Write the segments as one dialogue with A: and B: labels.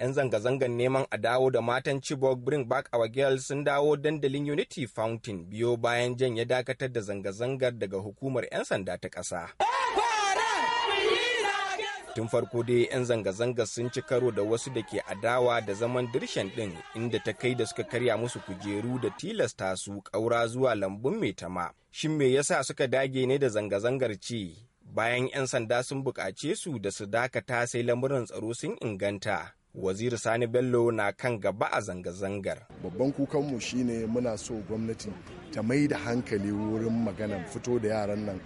A: 'Yan zanga zangar neman a dawo da matan Chibok Bring Back Our Girls sun dawo dandalin Unity Fountain biyo bayan jan ya dakatar da zanga-zangar daga hukumar 'yan sanda ta ƙasa. tun farko dai 'yan zanga zangar sun ci karo da wasu da ke adawa da zaman dirshen ɗin inda ta kai da suka karya musu kujeru da tilasta su ƙaura zuwa lambun mai tama shin me yasa suka dage ne da zanga-zangar ce bayan 'yan sanda sun bukace su da su dakata sai lamuran tsaro sun inganta waziri sani bello na kan gaba a zanga-zangar
B: babban kukanmu shine muna so gwamnati ta mai da hankali wurin maganan fito da yaran nan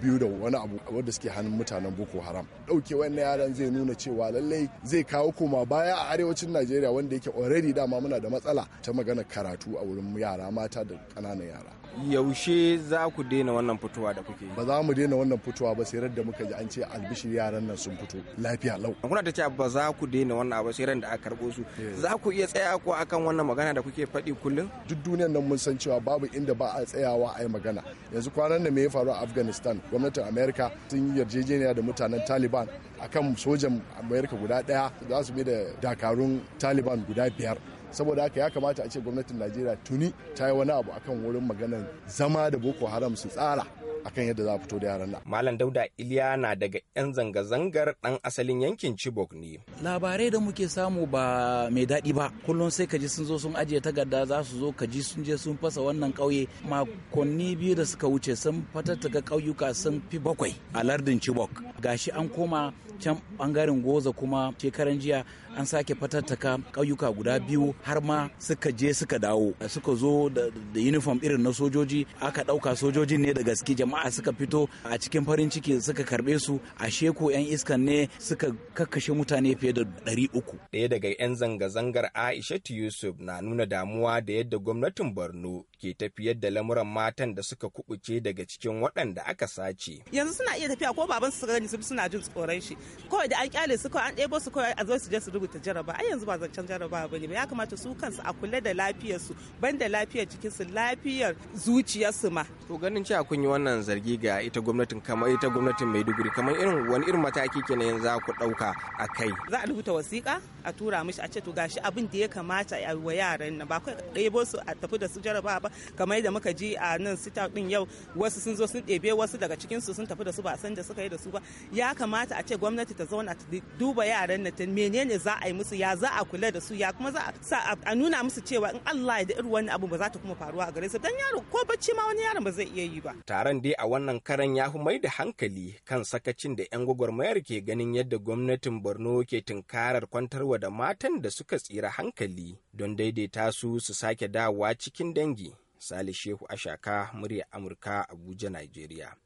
B: biyu da wani abu wadda suke hannun mutanen boko haram ɗauke wannan yaran zai nuna cewa lallai zai kawo koma baya a arewacin najeriya wanda yake already dama muna da matsala ta magana karatu a wurin yara mata da ƙananan yara
A: yaushe za ku daina wannan fitowa da kuke ba
B: za mu daina wannan fitowa ba sai da muka ji an ce albishir yaran nan sun fito lafiya lau kuna
A: ta ce ba za ku daina wannan ba sai ran da aka karbo su eh. za ku iya tsaya ko akan wannan magana da kuke faɗi kullum
B: duk duniyar nan mun san cewa babu inda ba a tsayawa a yi magana yanzu kwanan da me ya faru a afghanistan gwamnatin america sun yi yarjejeniya da mutanen taliban akan sojan america guda daya za su bi da dakarun taliban guda biyar saboda haka ya kamata a ce gwamnatin najeriya tuni ta yi wani abu akan wurin maganar zama da boko haram su tsara akan yadda za a fito da yaran nan.
A: Malam Dauda Iliya na daga 'yan zanga-zangar ɗan asalin yankin Chibok ne.
B: Labarai da
C: muke samu ba mai daɗi ba. Kullum sai kaji ji sun zo sun ajiye takarda za su zo kaji sun je sun fasa wannan ƙauye. Makonni biyu da suka wuce sun fatattaka ƙauyuka sun fi bakwai a lardin Chibok. Gashi an koma can ɓangaren Goza kuma shekaran jiya an sake fatattaka ƙauyuka guda biyu har ma suka je suka dawo suka zo da uniform irin na sojoji aka ɗauka sojojin ne da gaske jama'a jama'a suka fito a cikin farin ciki suka karbe su a sheko 'yan iskan ne suka kakkashe mutane fiye da uku.
A: Daya daga 'yan zanga-zangar aishatu yusuf na nuna damuwa da yadda gwamnatin borno ke tafiyar da lamuran matan da suka kubuce daga cikin waɗanda aka sace.
D: Yanzu suna iya tafiya ko baban su gani su suna jin tsoron shi. Kawai da an kyale su kawai an ɗebo su kawai a zo su je su rubuta jaraba. Ai yanzu ba zancen jaraba ba ne. Ya kamata su kansu a kula da lafiyar su, banda lafiyar jikin su, lafiyar zuciyar su ma. To
A: ganin cewa kun yi wannan zargi ga ita gwamnatin kamar ita gwamnatin Maiduguri kamar irin wani irin mataki kenan za ku ɗauka a kai.
D: Za a rubuta wasiƙa a tura mishi a ce to gashi abin da ya kamata a yi wa yaran nan ba kai ɗebo su a tafi da su jaraba ba kamar yadda muka ji a nan sita din yau wasu sun zo sun ɗebe wasu daga cikin su sun tafi da su ba san da suka yi da su ba ya kamata a ce gwamnati ta zauna ta duba yaran nan ta menene za a yi musu ya za a kula da su ya kuma za a nuna musu cewa in Allah ya da irin wannan abu ba za ta kuma faruwa a gare su dan yaro ko bacci ma wani yaron ba zai iya yi ba
A: taron dai a wannan karan ya fi mai da hankali kan sakacin da yan gwagwarmayar ke ganin yadda gwamnatin Borno ke tunkarar kwantarwa da matan da suka tsira hankali don daidaita su su sake dawowa cikin dangi Salih Shehu Ashaka, murya Amurka, Abuja, Najeriya.